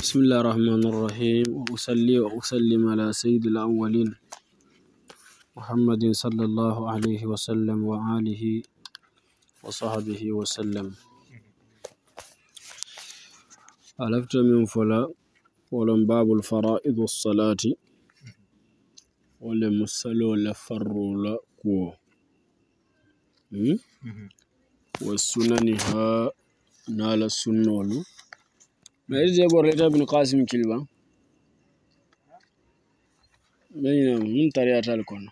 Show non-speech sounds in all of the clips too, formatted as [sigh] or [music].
بسم الله الرحمن الرحيم وأصلي وأسلم على سيد الأولين محمد صلى الله عليه وسلم وآله وصحبه وسلم ألفت من فلا ولم باب الفرائض الصلاة ولم السلو لفروا لقو والسننها نال السنول Mai zai bar leta bin Qasim Kilba. Bayyana mun tariya ta alkon.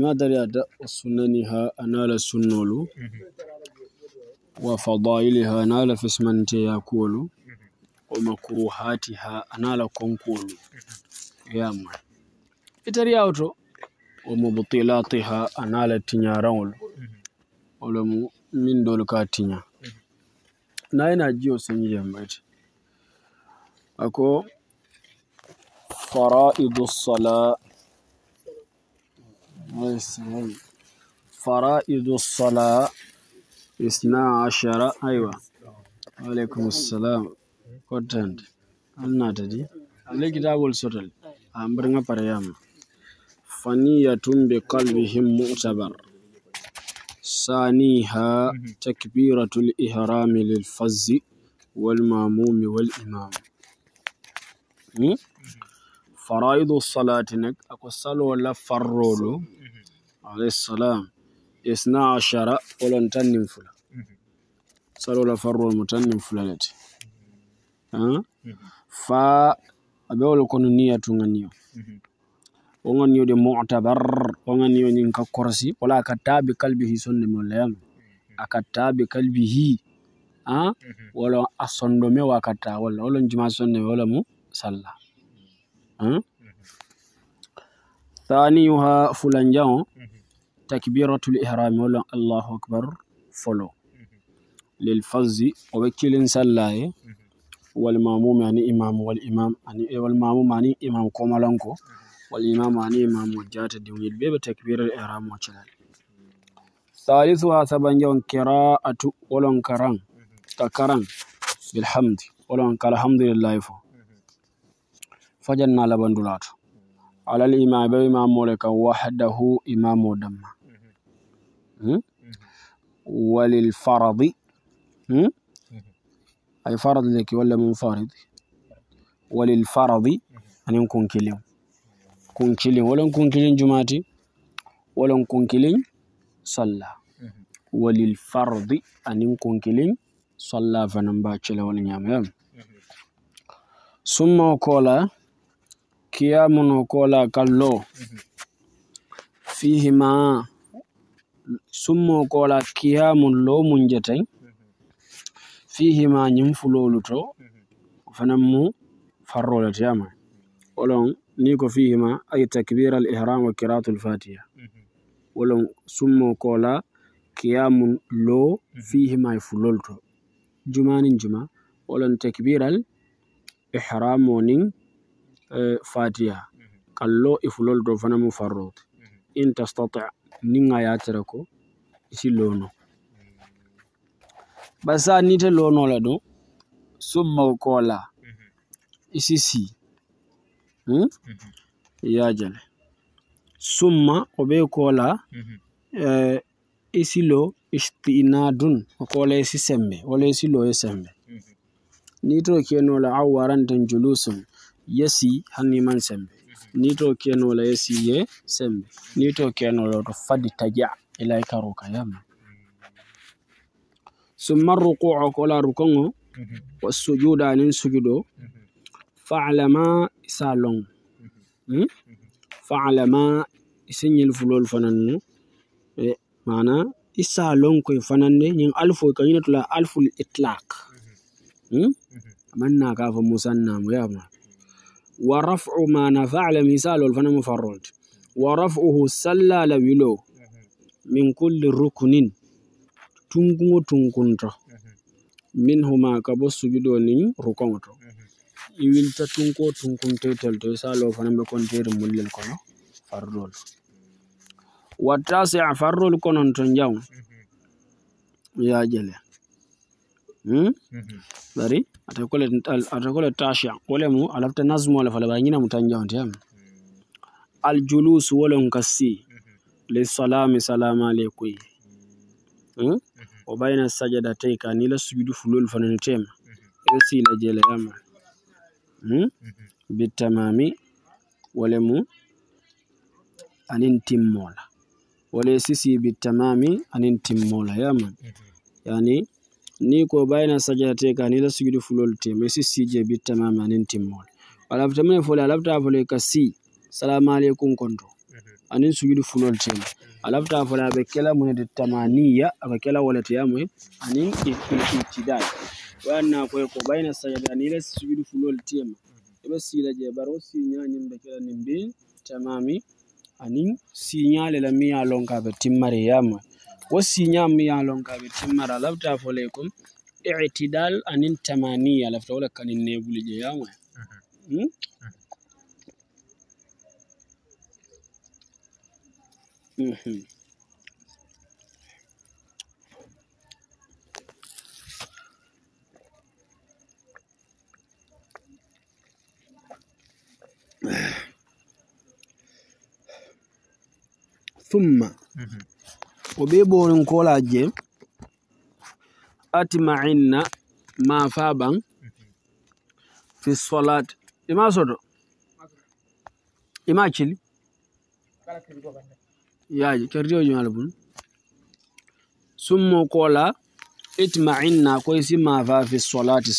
Ma tariya ta sunaniha anala sunnolu. Wa fadailiha anala fismante ya kolu. Wa makruhatiha anala konkolu. Ya ma. Itariya auto. Wa mubtilatiha anala tinyarawol. na yi najiyo sun yi yammaci ako fara'idussala fara'idussala isna ashara aiwa alaikum assalam kwatanti anna ta ji likita bul sotal a birnin fariyama faniyatun bi kalbihim mu'tabar ثانيها تكبيرة الإهرام للفز والماموم والإمام فرائض الصلاة نك أكو صلو ولا فرول عليه السلام إثنى عشر ولا نتنم فلا صلو ولا فرول متنم فلا لتي ها فا أبيولو نية تنغنيو wongan yo de mu'tabar wongan yo nyin ka korsi wala ka tabi kalbihi sonde mo leyam mm-hmm. aka tabi kalbihi ha mm-hmm. wala asondo me wakata wala wala njima sonde wala mu salla Tani ha mm-hmm. thaniha fulanjao takbiratul ihram wala allahu akbar folo lil fazzi o be kilin sallaye wal mamum yani imam wal imam ani wal mamum ani imam ko malanko mm والإمام أني إمام وجات الدين بيب تكبير الإحرام وشلال ثالثها سبن يوم كراءة ولن كران تكران بالحمد ولن كالحمد لله فو فجنا لبن دولات على الإمام إمام مولك وحده إمام ودم هم؟ وللفرض أي فرض لك ولا منفرد وللفرض أن يكون كلمه kun kilin wolon kun kilin jumati wolon kun kilin sallah mhm. walil fardi anin kun kilin sallah fanan ba cila wala ñamayam mhm. summa kola kiyamuno kola kallo mhm. fihima summo kola kiyamun lomun jatay fihima ñin fulolu to fanan mu farrole tiyama olon niko fihi ma ay takbir al ihram wa qiraat al fatiha wala summo kola qiyamun lo fihi ma fulolto jumanin juma wala takbir al ihram nin fatiha kallo ifulolto fana mu farrot in tastati nin aya tarako isi lono basa nite lono la do summo kola isi si mm Hmm? Mhm. yajale summa obe kola mhm. eh, isilo istinadun kola isi sembe wala isilo ya e sembe mhm. ni to awaran awarantan julusun yasi hanni man sembe ni to la yesi ye sembe ni to la to fadi taja ilai karo kayama summa ruku'u kola wa sujuda anin sujudo fa'lama salon mm-hmm. Hmm? Mm-hmm. fa'alama isin yel fulol e, fananne mana isa lonkoy fananne ñin alfo kañina tula alful itlaq mm-hmm. hmm? manna ka fa musannamu yama wa raf'u mana fa'ala wal fanamu farrud wa raf'uhu sallala wilo min kulli rukunin tunkuŋo tunkunto min huma ka sujudo niŋ rukoŋo iwilta tunko tunkumte telto isa lo fa fana be konteri mullel kono farrol wattasi a farrol konon ton jam hmm bari ata kole tasha wole mu alafta nasmo le fala bari ñina mu tan julus am aljulus wolon kassi lissalami salamu aleykuy o hmm? bayna sajadatai ka ni la sujudu fulul fanani tem esi la jele yama Hmm? Mm-hmm. bi tamami wole mu anin timmola wole sisi bi tamami anin timmola yaman mm-hmm. yani ni ko bayna sajate ka ni la sujudu fulol te mais sisi je bi tamami anin timmola wala tamami fole alafta fulol ka si salamu alaykum kondo mm-hmm. anin sujudu fulol te alafta fole abe kela mun de tamaniya abe kela wala te yamoy anin itidal wanakweko bayna sajadani ila sujudu fulol tema ɓe mhm. sila je baro siñañimɓe ni mbi tamami anin siñale la mi ya lonkaɓe timmare yama wo siñam mi ya lonkaɓe timmara lafta fole kom itidal anin tamania lafta wala kanin nebuli je yama mhm, hmm? mhm. mhm. o be borin kola je atma'inna ma fa fi ima soto ima kola itma'inna koy si ma fa fi solati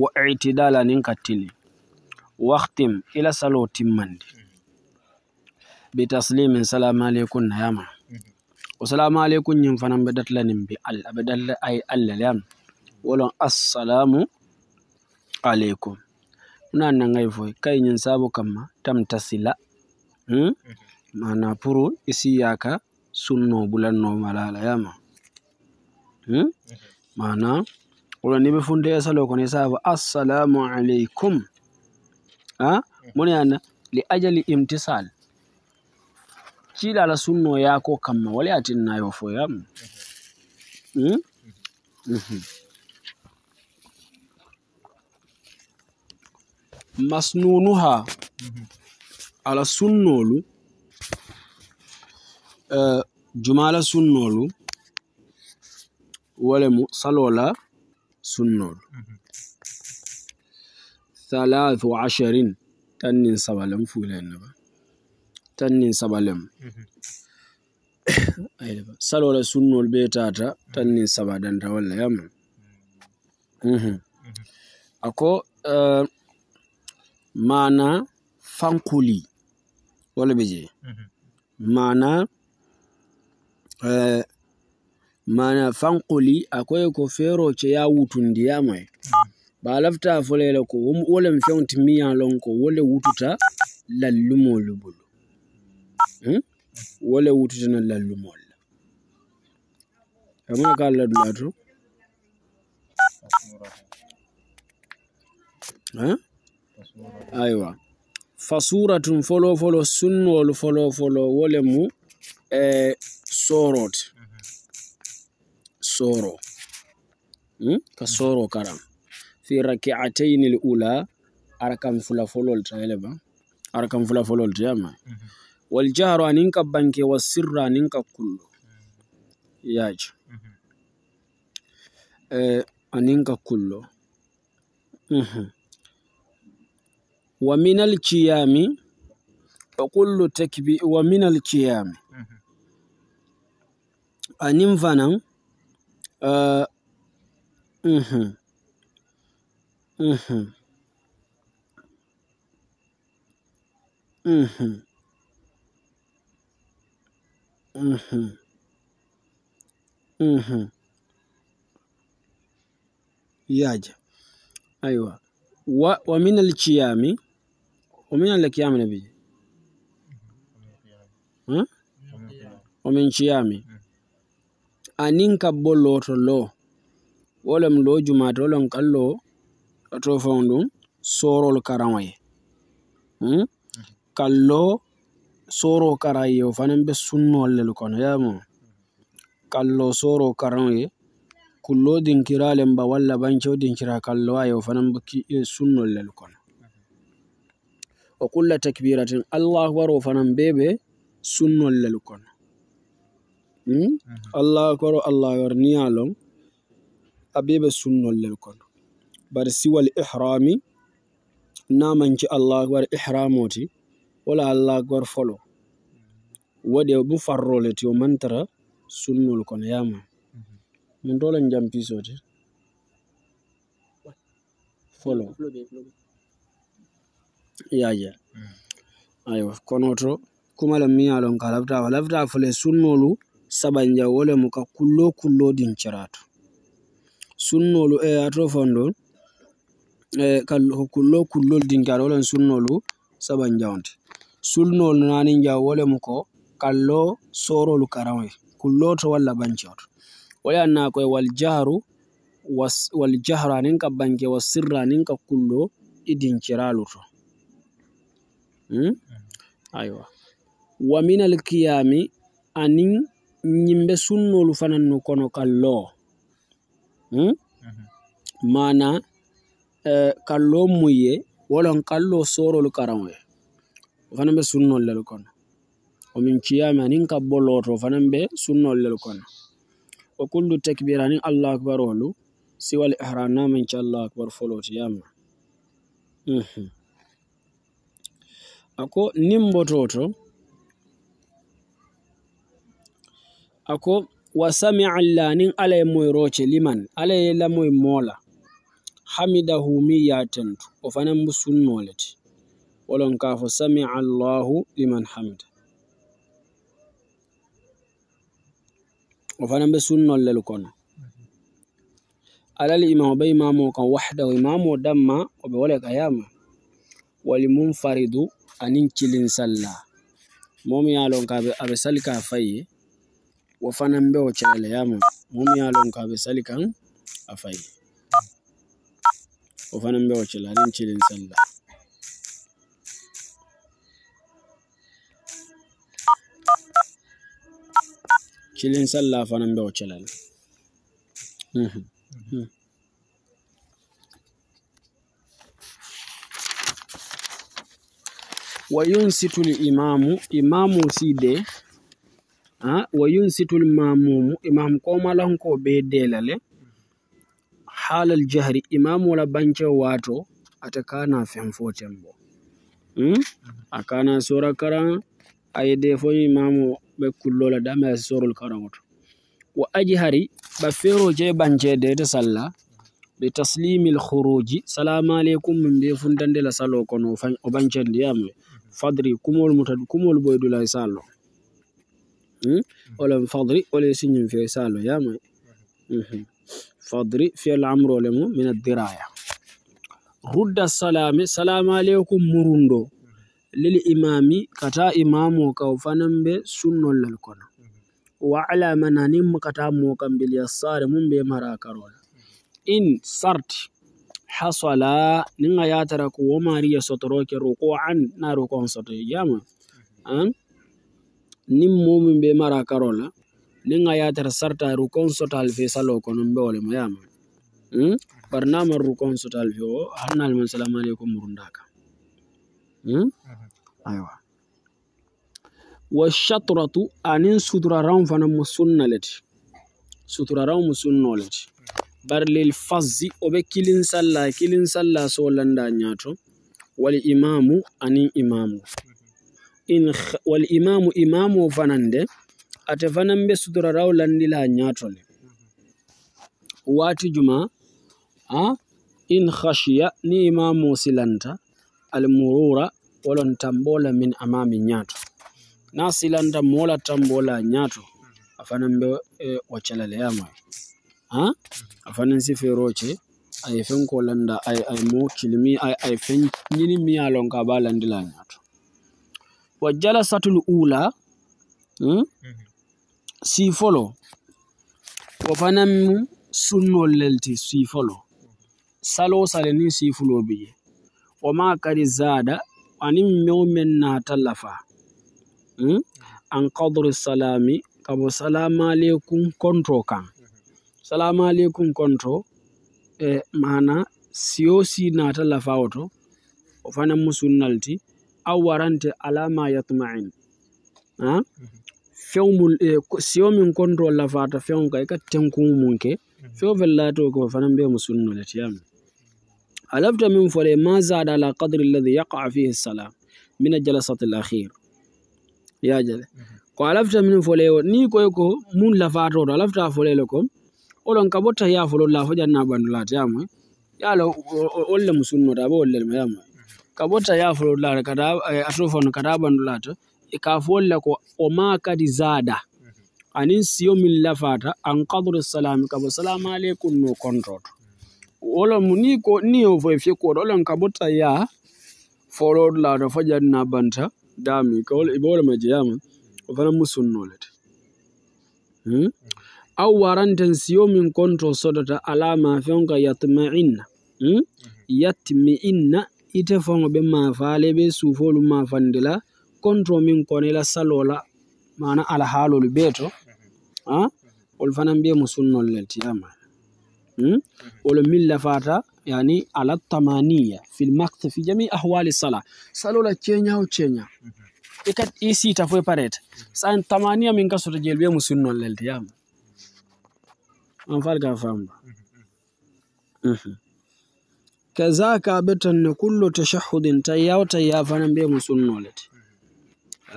wa i'tidala nin ila salo bi taslimin salamu alaikum na yama wasalamu mm-hmm. alaikum yin fanan bi datla nin bi al abi datla ay allalam wolon assalamu alaikum muna nan ngai foi kai yin sabu kamma tam tasila hmm? mana mm-hmm. puru isi yaka sunno bulan no malala yama hmm? mana mm-hmm. wala ni be funde salo ko ni sabu assalamu alaikum ha ah? mun li ajali imtisal la sunno yako kamma wala atinnayo foyam hmm? hmm? hmm. masnunuha ala sunnolu eh, jumala sunnolu mu salola sunnolu thalathu asharin tannin sabalan fulayannaba tan nin sabalem mhm. [coughs] salola sunnol be tata mhm. tan nin saba danta walla yam mhm. ako eh, mana fankuli wala beje mana eh, mana fankuli akwai ko fero ce ya wutundi yamai ba lafta fulela ko wolem fewti miya lon ko wole wututa lubul Hm? wole wutitana lallumol amaa ka laɗu laato aywa fasuratum folo folo sunnol folo folo wole mu e sorot soro hm? ka soro karam fi rakiataini l ula arakam fula folol tayele ba arakam fula folol tiyama waljaro aninka anin ka banke wa sirra anin ka kullo yaji anin eh, ka kullo mhm. wa min alqiyami kullu takbi wa min al qiyami mhm. anin fanan uh, eh, mm -hmm. Mm-hmm. Mhm. Mm-hmm. Mhm. Mhm. Yaja. Aiwa. Wa, wa min al-qiyami wa min al-qiyami nabi. Hmm? Wa min qiyami. Anin bolo to lo. Wolem lo jumato lon kallo to fondum sorol karamoye. Hmm? Kallo sooroo kara ye be sunno bɛ sunɔgɔli le kallo sooroo karaŋ kullo dinkira walla ban dinkira kallo aye o fana bɛ e sunnol le kono wa kulla takbiratin allahu akbar o fana bebe sunno le kono allahu akbar allahu akbar ni alon abebe sunnol le kono bari siwal ihrami namanci allahu akbar ihramoti wala allah gorfolo waɗi e o ɓu farrole to mantara sunnol kon yama mhm. min dolen jampisode folo yaya mhm. ayo konoto kumala miyalon ka laftafa laftafa fole sunnolu saɓanja wolemu ka kullo kullo ɗin cirato sunnolu e ato fondo e ko kullo kullol ɗinkaɗo wolen sunnolu saɓanjawnde sulnol nani jaw wole mu ko kallo sorolu karame kulloto walla bancioto wole anna koye wal jaharu wal jahra nin ka banke wa sirra nin ka kullo idinciraluto hmm? aywa wa min alkiyami anin yimbe sunnolu fananno kono kallo hmm? Mhm. mana uh, kallo muye wolon kallo sorolu karamwe o fana bɛ sunnol lel kono o min kiyama nin kabbo looto o fana bɛ sunnol lel kono o kullu takbira nin allah akbar olu siwal ihram namin ci allah akbar foloti A mhm. ako nin bototo ako wa sami'a al'a ni ala ye liman ala ye lamoy Hamida hamidahu ya yatentu o fana bu olon kafo samia llahu liman hamida o fanan ɓe sunnollel kono alal imamu ɓe imamu kam waxdahu imamu o damma o ɓe wole kayama wali munfaridu anin cilin salla momi yalon ka aɓe salika fayye wo fanan ɓe o caleyama momi yalon ka aɓe salikan a fayye o fanan ɓe o cela anin cilin salla ಚಿಲಿನ್ಸಲ್ಲಿ ಆಫಾನಂಬೆ ಒಚ್ಚಲಲ್ಲ bai ಹ್ಞೂ ಹ್ಞೂ wayunsitu imamu imamu ha mamumu imam komalanko be delale halal jahri imamu la banke wato atakana femfoten bo hmm? akana sura karan a yide fo yimamo ɓe kullola dame a e sorol karamoto wa aji hari ba fero je bancede e de salla be taslimil khuruji salamu alaikum min be fundande la salo kono o bancende yam fadri kumol muta kumol boydula e salo hmm? olem fadri ole signum fe salo yam hmm. fadri fiyal amrole mum min addiraya rudda salami salamu alaikum murundo lil imami kata imamu kaufanin be sunnon lalkona wa ala mana ni muka ta mu kan bil yassar mun be marakaro in sart hasala nin ya tara wa mariya sotoro ke roko an na roko on ya ma an nin mu mun be marakaro la nin ya tara sarta roko on soto al fe salo ko nun be wala yamu hmm barnama roko on soto al fe o annal mun salamu alaikum murundaka Hmm? ayiwa wa shatratu ani suturaranw fana mu sunna le ti lil fazi o bɛ kilin salla kilin salla soolanda ɲaato wal imamu ani imamu in wal imamu imamu fanan de ate fanan be suturaraw landila nyato le wati juma ha in khashiya ni imamu silanta almurura wolon tambola min amami ñaato na silanta mola tambola ñaato afanan be e, wo calaleyamaye ha afanan si feeroce aye fenko landa ay mo kilimi ay fen ñini miya lon ka ba landila ñaato wa jalasatul ula hmm? si folo wo fanan sunnol lelti si folo salo sale ni sifulo bi Wama kari zada wani myomin na tallafa. An kadur salami, bu salama alaikun kontro kan. Salama alaikun kontro, eh, mana siyosi na tallafa wato, ofanin musunnalti, an waranta alama ya tuma'in. Few siyo min kontro lafata fiyon kai ka tenkun mun ke, few fellato ko fanan bai musunnalti yamin. ألفت من فلي ما زاد على قدر الذي يقع فيه الصلاة من الجلسة الأخير يا جل وألفت من فلي نيكو يكو من لفاتور ألفت فلي لكم ولن كبوتا يا فلو الله فجأنا بان الله تيامو يا لو أول مسنو رابو أول المهام كبوتا يا فلو الله أشوفون كرابان الله يكافول لكو وما كد زادا أنين سيوم اللفاتة أنقضر السلام كبو السلام عليكم نو كنترول wolon mu ni ko ni o foye fiekkuwot olon ka botta ya folod laato fajar na banta dami kaibe wolo ma jeyama o fana musunnolete hmm? aw waranten siyo min konto sodata alama fenka yatmainna hmm? yatmiinna ite fongo ɓe mafale ɓe sufolu mafandela konto min konela salola mana alhalolu ɓeeto wol fanan mbiye musunnolletiyama Hmm? Mhm. wala min lafata yani ala tamania fil makt fi jami ahwali sala salola cenya o cenya ikat mhm. isi ta paret mhm. san tamania min kaso jelbe musunno lelti yam an farga famba kazaka abetanne kullu tashahudin tayyaw tayya fanan be musunno lelti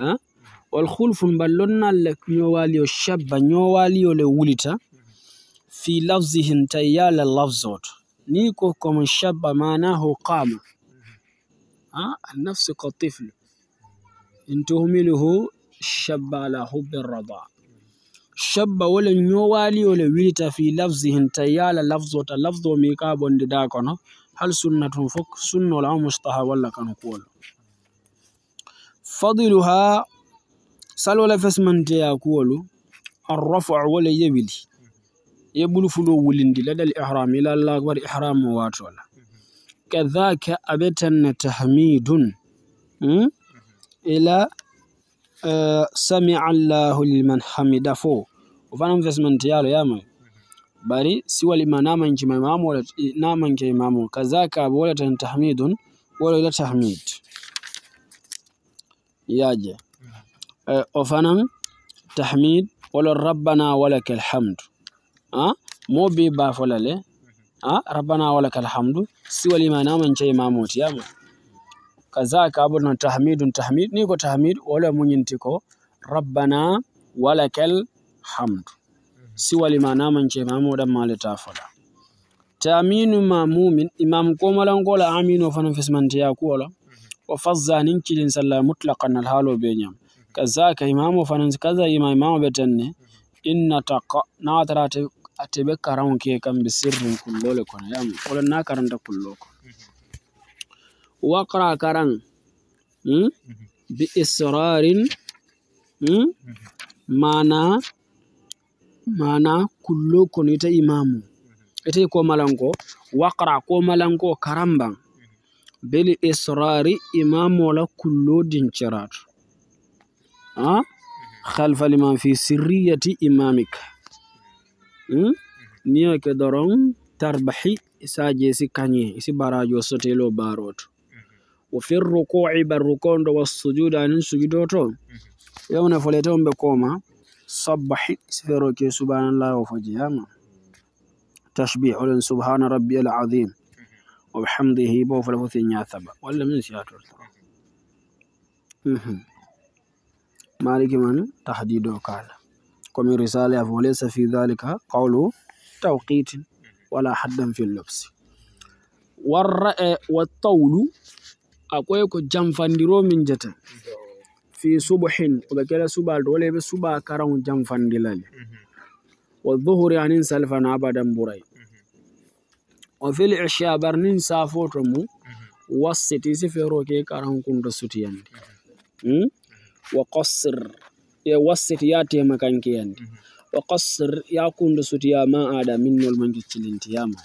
ha wal khulfun ballonna lek nyowali o shabba nyowali o le wulita fi lafzihin tayyalar lafzot ni ko kuma shabba mana hukama ha an nafsi qatifl in tuhmiluhu shabba la hubbir rada shabba walan yo wali wala wita fi lafzihin tayyala lafzot lafzo mi ka bondi da kono hal sunnatun fuk sunno la mustaha walla kan kuwalo fadiluha salwala fesmante ya kuwalo الرفع ولا يبلي يبلو فلو ولندي لدى الإحرام إلى الله أكبر إحرام واتولا كذاك أبتن تحميد إلى آه، سمع الله لمن حمد فو وفانم فسمن تيالو ياما باري سوى لما نام انك امام ولا نام انك امام كذاك أبولا تحميد ولا إلى تحميد ياجي أه وفانم تحميد ولا ربنا ولك الحمد Ah, mo be bafola le ah, rabbana walakal hamdu siwalima naman cey mamoti yama kazaka abono tahmidun tahmid ni ko tahmid wala muñinti ko rabbana walakal hamdu siwalima naman cey mamoɗan maleta fola taminu ma mumin imam ko komalankola amino fana fismantiya kuwola wa fazza nin kilin sallah mutlaqan alhaalo be ñam kazaka imamo fana kaza ima imamo ɓe inna taqa na nawatarate atebekkarahum ke kamɓe kullo kullole kono yam koɗon na karanta wa waqra karan hmm? bi israrin hmm? mana mana kullo ni ita imamu ita ko malanko waqra ko malanko karamban beli israri la kullo dinciratu ha khalfa liman fi sirriyati imamika Hmm? Mhm. niya ke doron tarbahi saje si kanye isi barajo sotelo baroto mhm. wo fir ruku'i bar rukondo was sujuda anin sujudoto mhm. yawna folete on ɓe koma sabbahi sifero ke subhanallah wo fo tashbih oɗon subhana rabbi al adim wa bihamdihi bo fola fo siña saba walla min siyatol maliki man tahdid kala kwa min risala fa walaysa fi dhalika qawlu tawqitin wala haddan fil lubs warra'e wa tawlu akwai ko jamfandiro min jata fi subhin ko kala suba do le suba karan jamfandilal wa dhuhri anin salfan abadan burai wa fil isha barnin safoto mu wasiti sifero ke karan da sutiyandi ya e ya yatema kanke yande wa qasr ada sutiyama aɗa ya ma geccilintiyama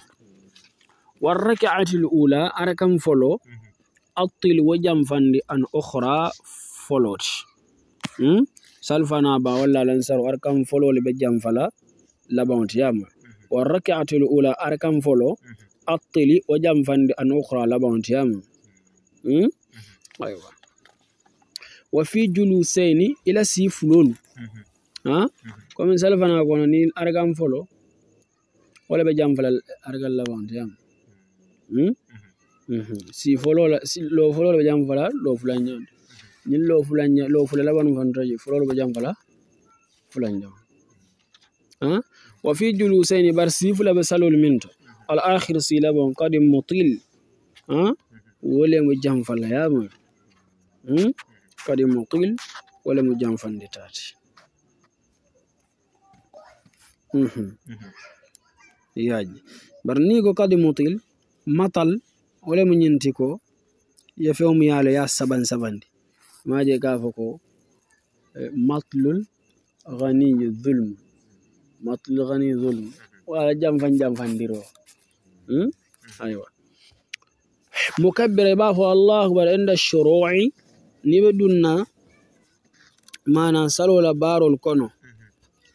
ke ula ara kam folo mhm. attil wo fandi an ohra foloti hmm? salfana ba walla folo ar kam fala, ɓe jamfala laɓantiyama mhm. ke l ula ara kam folo mhm. attili wo fandi an ohra hmm aywa wa fi julusaini ila si fulolu ha komin sal fana kono ni argan folo wala be jam fala argal lawante yam si folo la si lo folo be jam fala lo fulan nyam ni lo fulan nyam lo fulan laban fan toji folo be jam fala fulan nyam ha wa fi julusaini bar si fula be salol minto al akhir si laban qadim mutil ha wala mo jam fala yam kadi mo qil wala mo janfanditade mhm. mhm. yaaji bar ni ko kadi mo qil matal wala mo ñinti ko ya fewmu yaalo ya saban sabandi maje ka fo ko e, matlul ganiyu zulm matlul ganiyu zulm wala janfan janfandiro hmm? mhm. aywa mukabbira ba fo allahu bar inda shuru'i Ni mana maana la barol kono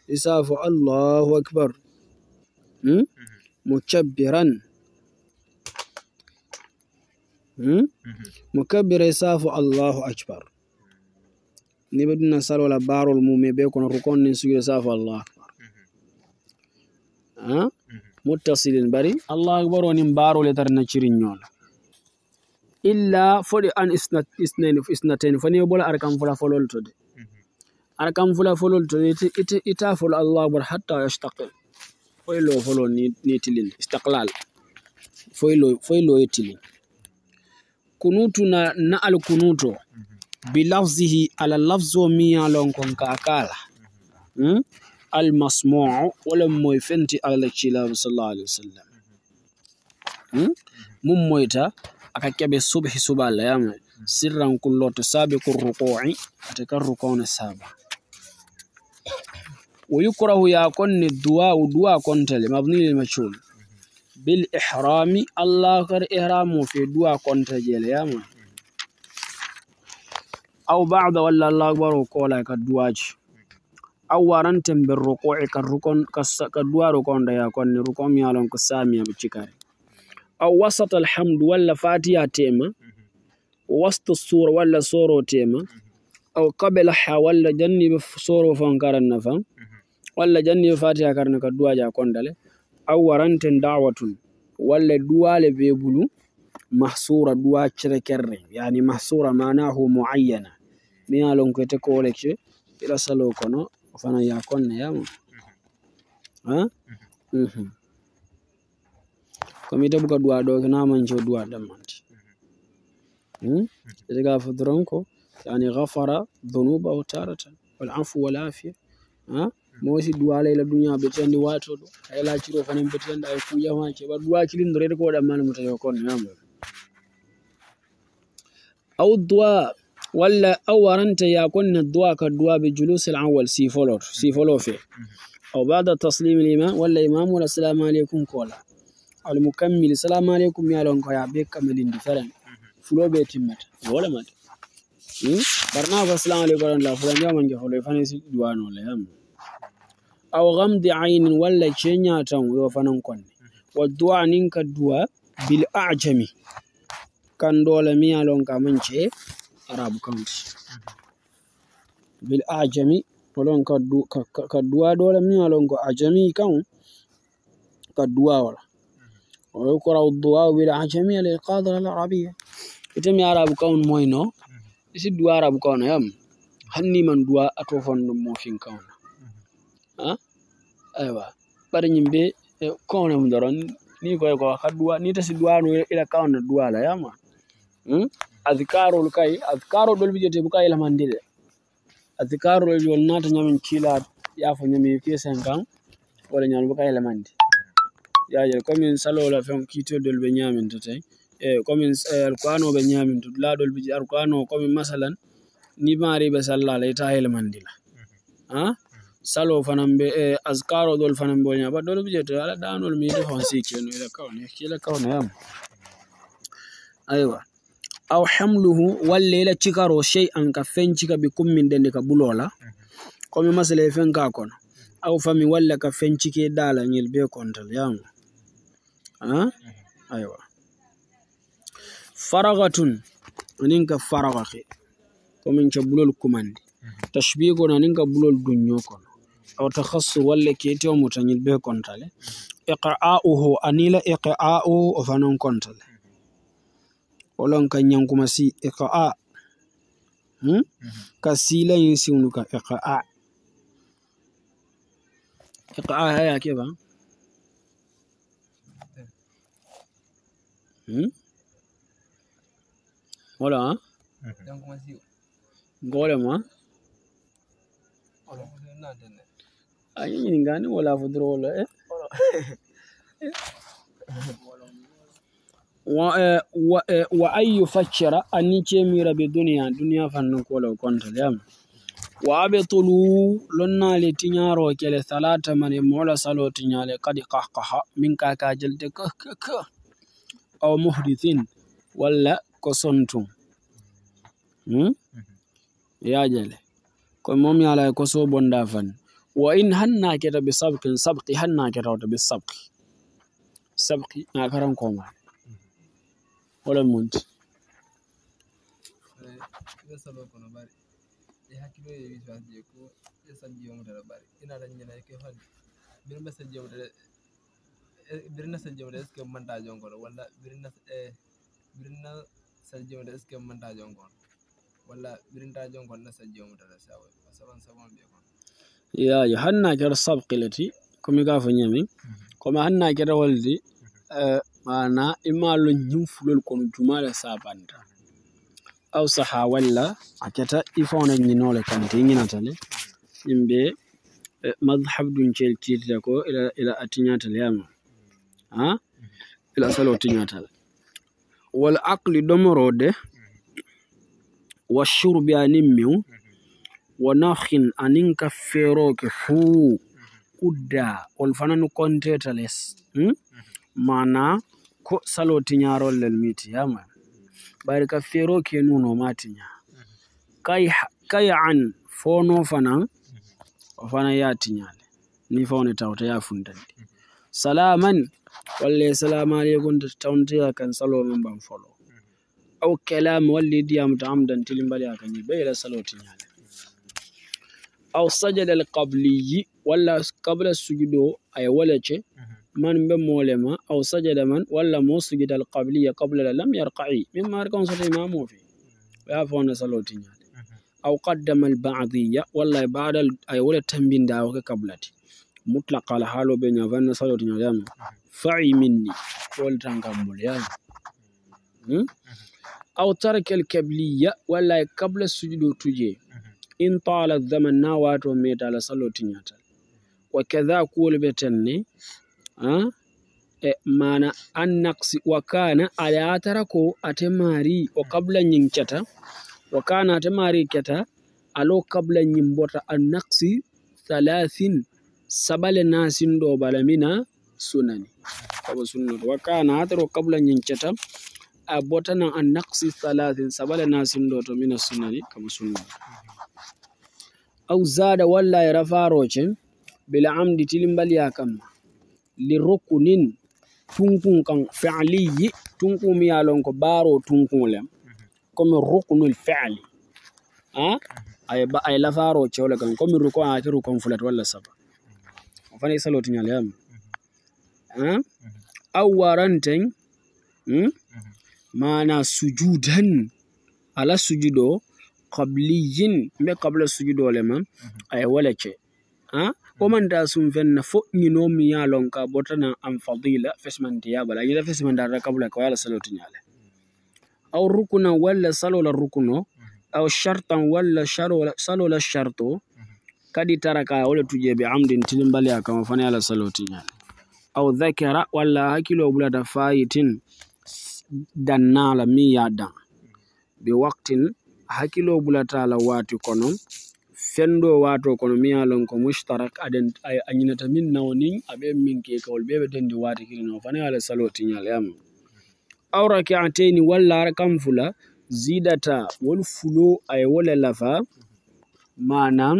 mhm. fo allahu akbar hmm? mhm. mukabbiran hmm? mhm. mukabbira fo allahu akbar salo la barol mume be kono rukon nin isa fo allahu akbar ah? muttasilin bari allahu akbar onin barol etar na cirin yola illa fori an isnatani fani yo bola arkan fula folol to de mhm. arkan fula folol to ita ita fol allah bar hatta yashtaqil foy lo folol ni ni tilin istiqlal foy lo foy lo e tilin kunutu na na al kunuto mhm. bi lafzihi ala lafzo miya lon kon ka kala mhm. hmm al masmu'u wala moy fenti ala cila sallallahu alaihi wasallam hmm mun moyta akakebe subhi suba layama sirran kulloto sabi ku rukui atika rukone saba wayukrahu ya konni dua u dua kontele mabni lil machul bil ihrami allah kar ihramu fi dua kontele layama au ba'da walla allah akbar ko la duaji au warantem bir rukui ka rukon ka dua rukon da ya ya lon awasat alhamdu walla fatiha tema wasta sura walla soro tema a qabla ha walla janniɓe soro fon karanna fan walla janniɓe fatiha karna ka duwaja kondale a waranten dawatun walla duwale be bulu mahsura duwa cire kerre yani mahsura manahu muayyana mi yalon ko te kolece ila salo kono fana ya konna yamo ha mm komi debugo duwa ɗo na manjo duwa ɗan manti daga hmm? hmm. fudronko yani ghafara dhunubahu taratan wal afu wal afiya ah? hmm. mo wasi duwa layla duniya ɓe tiyandi watoɗo ay laciro fanan ɓe tiyanda ay kujama keɓa duwa cilindorede ko waɗan mani mutayo kon yamo aw duwa walla aw waranta yakonna duwa ka duwa be julus l awal sifolor sifolo fe aw bada taslim l imam walla imamu la salamu aleykum kola almukammil salamu alaikum ya alon koya be kamilin different mhm. fulo be timmata wala mata hmm? barna fa salamu alaikum la fulan jamange folo fane si duwanole yam aw gamdi aynin walla chenya tan yo fanan konne mhm. wa du'a nin ka du'a bil ajami kan dole mi alon ka man ce arabu mhm. bil ajami olon ka du'a dole mi ya ko ajami kan ka du'a wala ويقرأ الدعاء بالعجمية للقادرة العربية إتم يعرب كون موينو إسي الدعاء عرب كون يم هني من دعاء أتوفن موفين كون ها أيوة بارين بي كون مدرون ni koy ko haduwa ni tasi duwano ila kawna duwala yama hmm? adhikarol kay adhikarol ɗol ɓijete bo ka ila mandide adhikarol jol nata ñamin kiila yaafo ñami fiesen kan wala ñamin bo ka yaje komin salola fen kitolɗol ɓe nyamintatay e eh, komin eh, alqur'ano ɓe nyamintot laaɗol biji alqur'ano komin masalan ni maari ɓe sallala ita helmandila mhm. ah? mhm. salo fanan ɓe e eh, askaro ɗol fanan ɓe nyaba ɗol bije to ala ɗanol mi yiɗi hon sikeno ila kawne kila kawne yam aywa aw hamluhu walla ila cikaro shey an ka fen cika ɓe kummin ɗende ka ɓulola mhm. komi masala e fen ka kono aw fami walla ka fen cike dala ñil be kontal yamu Aywa. Faragatun aninka faraga ke komi inca bulol kumandi mhm. tashbigo na ninka bulol dunyo kono aw takhassu walla keti o mutanyil be kontale mhm. iqa'uhu anila iqa'u o fanan kontale wolon mhm. kan yankuma si iqa'a hmm? ka sila yin siwnu iqa'a iqa'a haya ke ba wa an yi faccira an ni ce mira bi duniya duniya fannin kola kwanta yam wa eh, abe tulu lonna le tinya ro kele salata mane mola salo tinya le kadi qahqaha min ka ka jelte aw muhdithin walla kosontum yajale kono moom ko hmm? mhm. mom la ye kosoo bonda fan wa in hanna keta bi sabkin sabki hanna keta wota bi sabki sabki na karan ma mhm. wala munti eh, ko birna sanjamde est ce que manta jonkono walla birna birna sanjamde est ce que manta jonkono walla birinta jonkon na sanjamudara sawa saban saban ɓe kon ya yo hannakere kumi komi nyami kuma ñamin komi hannakere wolde mana imalo ñimfulol kono jumale sabanta aw saha wala a keta ifawna kanti kante ñinatale yimɓe madhab dun celtiitita ko ila atiñatale yama ha ila salo tiñatal wal aqli domorode wa surbi anin mew wa nahin anin ka feroke fuu kudda wol fanani konteta les hm? mana ko salo tiñarollel mitiyama bari ka feroke nuno ma tiña kay an fono fanan o fana ya tiñale ni fawne tawta ya funtandi salaman walle salama alaikum da tauntiya kan salo min ban folo au kalam walle diya muta amdan tilin bali akan yi bai da salotin ya ne au sajada alqabliyi walla qabla sujudo ay walace man be molema au sajada man walla mo sujida alqabliya qabla lam yarqa'i min mimma arkan sota imamu fi ya fa salo salotin ya ne au qaddama al alba'diyya walla ba'da ay wala tambin da ka qablati mutlaq ala haalo ɓe ñavanna salo to fa'i minni woltangam mol yani hmm? aw tarkel kabliya walla e kabla sujudo tuje in tala zaman na wato metala salo tiñatal wa kada kuwol ɓe tenne e mana an naksi wa kana ala tara ko o kabla ñin keta wa kana ate keta alo kabla an thalathin sabale sindo balamina sunani kaba sunnat wa kana hataro qabla nyincata a botana an naqsi salatin sabale sindo to mina sunani kaba sunnat aw zada walla e rafarocen bil amdi tilimbaliya kamma li rukunin tunkun kan fa'liyi tunkun mi yalon ko baro tunkun lem comme rukunul fa'li a ay lafaro chewle kan comme rukun a ti rukun fulat walla saba فليس له تنيالهم أورانتين mana sujudan ala sujudo qabliyin mbe qabla sujudo le man mhm. ay wala ce ha ko man da sun fenna fo ni no mi ya lon ka botana am fadila fesman diya bala yila fesman da qabla ko yala salatu yale aw rukuna wala la rukuno mhm. aw shartan wala sharo la sharto kadi ka wala tuje bi amdin tilimbalia kama fani ala saloti yani au dhakara wala hakilo bulata fayitin dannala mi ya dan bi waktin hakilo bulata la wati kono fendo wato kono mi yalon ko mushtarak aden a ñinata min nawnin aɓe min ke kawol ɓeɓe dendi wati kirino fana ala salo tiñal yam aw rakiateni walla ara kam fula zidata wol fulo aye wole lafa manam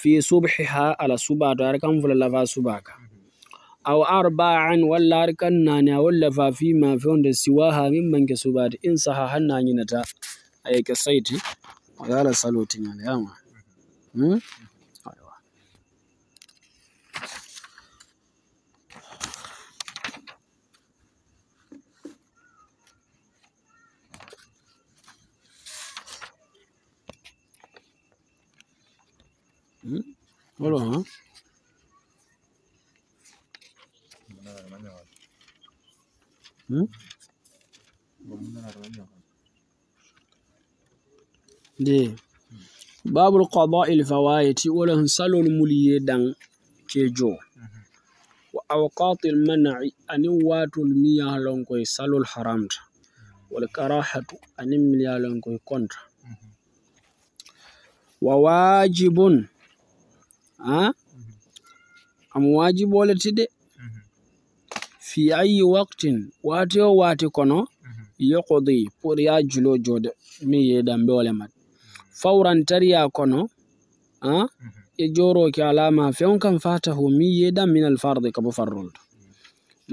fi subhiha ala suba to har kan fula lafa suba ka mhm. aw arba'an walla har na ne walla fa fi ma fi wanda siwa ha min man suba ta in saha hanna ni na ta a yake saiti wala salotin yana yama mhm. hmm? Hmm? Voilà. دي باب القضاء الفوائد ولا سلو المولي دان كيجو وأوقات المنع أن وات المياه لونكوي سلو الحرام والكراهة أن المياه لونكوي كونتر وواجب Ah? Amuwajibu ole tide fi ayi waqtin wati o wati kono yaqdi pur ya julo jode mi ye dambe ole mat fawran tariya kono ah? e ki alama fewn kam fatahu mi yeɗam min alfarde kabo farrol to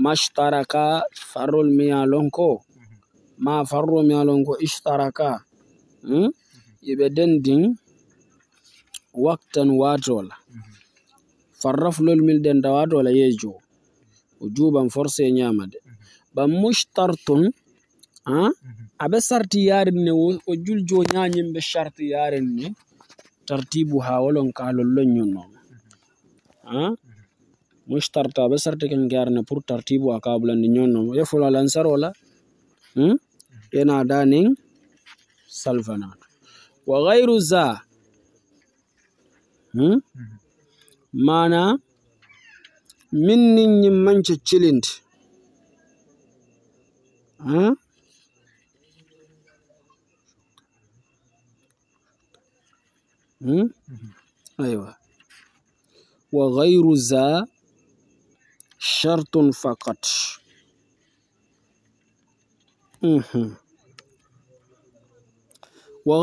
mashtaraka farrol miya ko? ma farro miya lonko ishtaraka yeɓe hmm? dendin waktan watola farraflol mil denda watola yejo o juɓan force e nyama de ba mustarton a aɓe sarti yarinne o juljo nyayimɓe sharti yarinne tartibu hawolon kalollon yonnon a mustarta aɓe sarti ken yarne pour tartibu a kabulande yonnon yefola lansarola hmm? yena danin salvanato wa gayru za Hmm? Hmm. mana minnin yin manke cilind hmm? wa gairu za shartun faqat wa gairu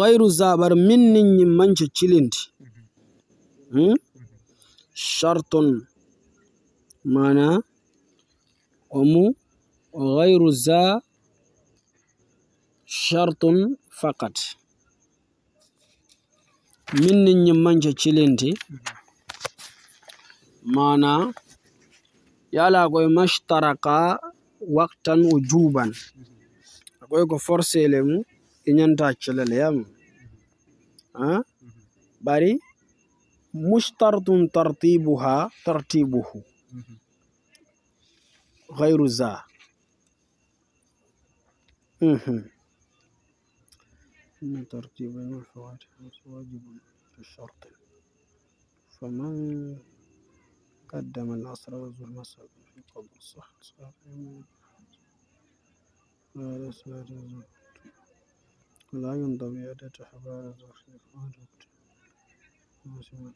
ghairu zabar minnin yin manke cilind charton mana omu gairu za charton fakat min nin yimmanje cilinti mana yala koye mastaraka waktan o juuban akoy ko forcele mu inyanta celele yam bari مشترط ترتيبها ترتيبه غير زا إن ترتيب الفواتح واجب في الشرط فمن قدم العصر والظهر مساء في قبل الصحة صلاة بعد صلاة لا ينضب إعادة حبار الظهر في قبل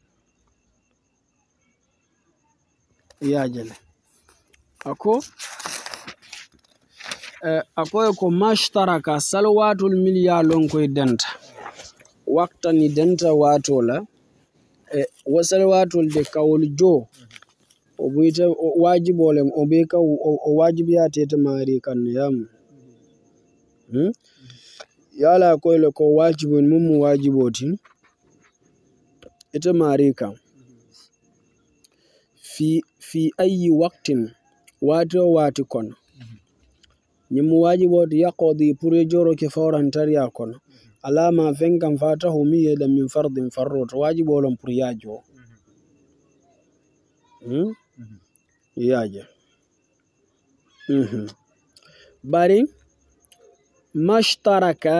iagele. Ako eh, akoye ko mashtaraka sal watol mil ya lonkoye denta wakta ni denta wato la eh, wo sal de kawol jo o buita wajibolem o be ka o wajibiyatete mari kan yam hmm? yala le ko wajibon mum wajibotin ita mari kan. fi ayi waktin wati o wati kono mhm. waji wodi yaqodi pour e ke fawran tariya kono mhm. alama fen kam fa tahu mi yeɗen min fardin farroto wajibolon pour yaajo mhm. hmm? yaaje bari mashtaraka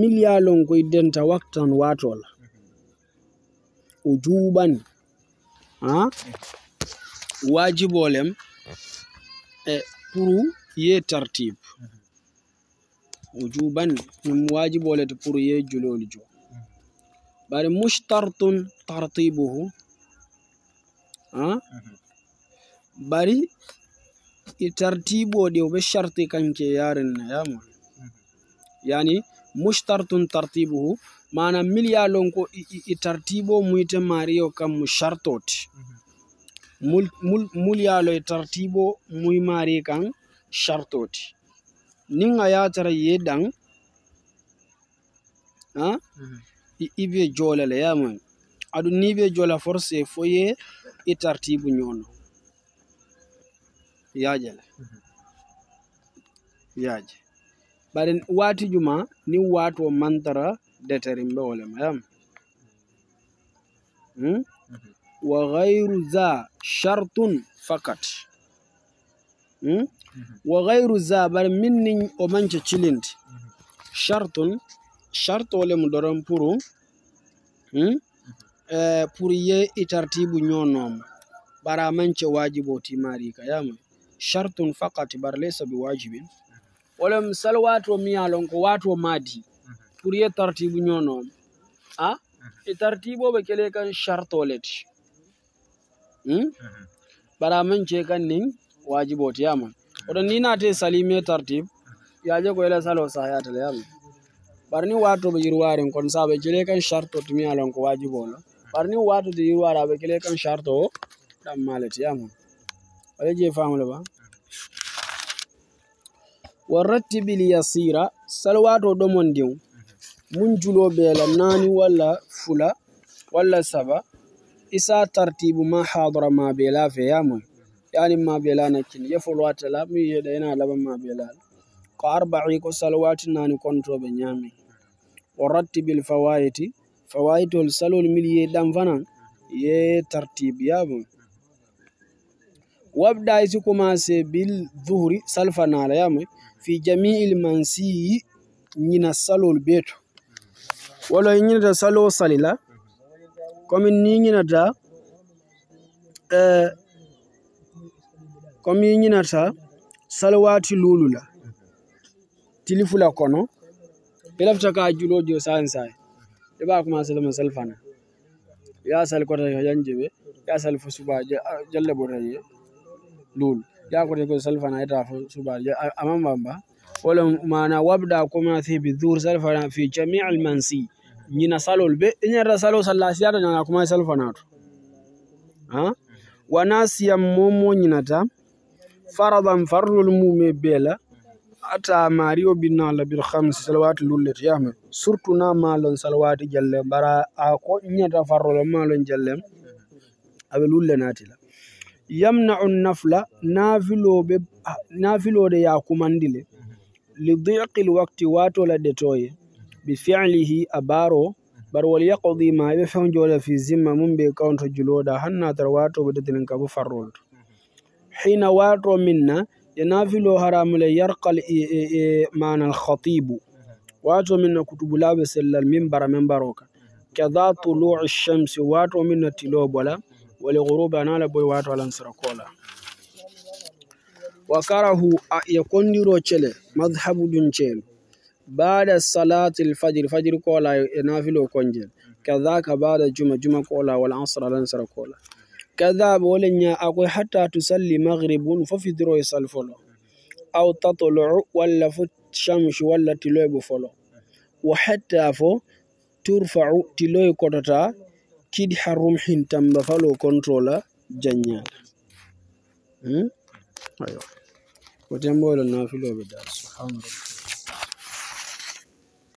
milyalon ko identa waktan watola o ha a ah? e puru ye tartib wujuban ɗum waajiboolete puru ye julooli jo bari mushtartun tartibuhu ah? bari i tartiboɗi o ɓe sharti kanke ya, yama yani mushtartun tartibuhu mana milya lonko i tartibo muyte mariyo kam mu chartoti mm -hmm. mulyaloy tartibo muymari kan chartoti nin a yatara ye dan a ibe jolale yaman aɗu nibe jola forse foye e tartibu ñono yajele yaje baɗen watijuma nin wato mantara deterimbewolema yam hmm? mhm. wa ghairu za shartun fakat hmm? mhm. wa ghairu za bar minnin o manca cilind mhm. shartun shartole mu doron puru hmm? mhm. eh, pour ye itartibu nyonom bara manca wajibo timari kayama shartun fakat bar lesa bi wajibin wala misal wato miyalon ko wato madi pour ye tartibu nyonom a ah? itartibo tartiboɓe kele shartolet. Hmm? Mhm. bara min ce kan nin wajibo tiyama oɗon ni na naate salime tartib je ko ela salo sahatala yama barni watoɓe yirwarin kon saɓe jele kan charte o tumi alon ko wajibo lo barni watude yirwaraɓe jele kan sharto dan ɗam malati yama waɗa je famule ba warrattibil yasira salwato ɗomon ndin mun julo beela nani wala fula wala saba isa tartibu ma hadara ma bela fe yamun yani ma bela kin ya fulwa tala mi da yana laban ma bela ko arba'i ko salawati ni konto be nyami wa rattibil fawaiti fawaitul salul mil dam fana ye tartib yamun wabda isi se bil zuhri salfa nala yamun fi jami'il mansiyi ñina salul beto wala da salo salila komin ñiñinata e, komi ñinata salwati lulula tilifula kono ɓelafta ka juloojo sani sani ɗeɓa kuma salma salfana ya sal kota yañje ɓe ya sal fo suba jalle botaye lul ya kota ko salfana yeta fo suba amambamba wala mana wabda commencé bi dour salfana fi jamii al mansi ñina salol be iñarta salo salla siyata ñana kuma sal fanatu ha wana siyam momo ñinata faradan farlol mume bela ata mario binna la bir khams salawati lullet yam surtout na malon salawat jalle bara a ko ñata farlol malon jalle abe lulle la yamna'u nafla de ya kumandile li diqil wakti watola detoye بفعله أبارو bar wol yaqdi ma ɓe fewjola fi zimma mum ɓe kawnto juloɗa hannatar watoɓe dedenen kabo farrolto hina wato minna e nafilo haramule yarkal e manal khatibu wato minna kutubulaɓe sellal min bara min baroka kada tuluu shamsi wato minna tilobola wole guruɓe anala boy wato alansara kola wa karahu e kondiro cele madhabu ɗum ceelo baada salati lfajiri fajr kola nafilo konjel kadhaka baada juma juma kola wala asr alansara kola kadhaba wala nya akwai hatta tusalli maghrib fo fidiro e sal folo aw tatlu'u walla fo shams walla tiloye folo wa hatta fo turfa'u tiloye kotota kidi harum hintamba falo controla janya hmm? ayo kotemboylo nafiloɓe da subhanallah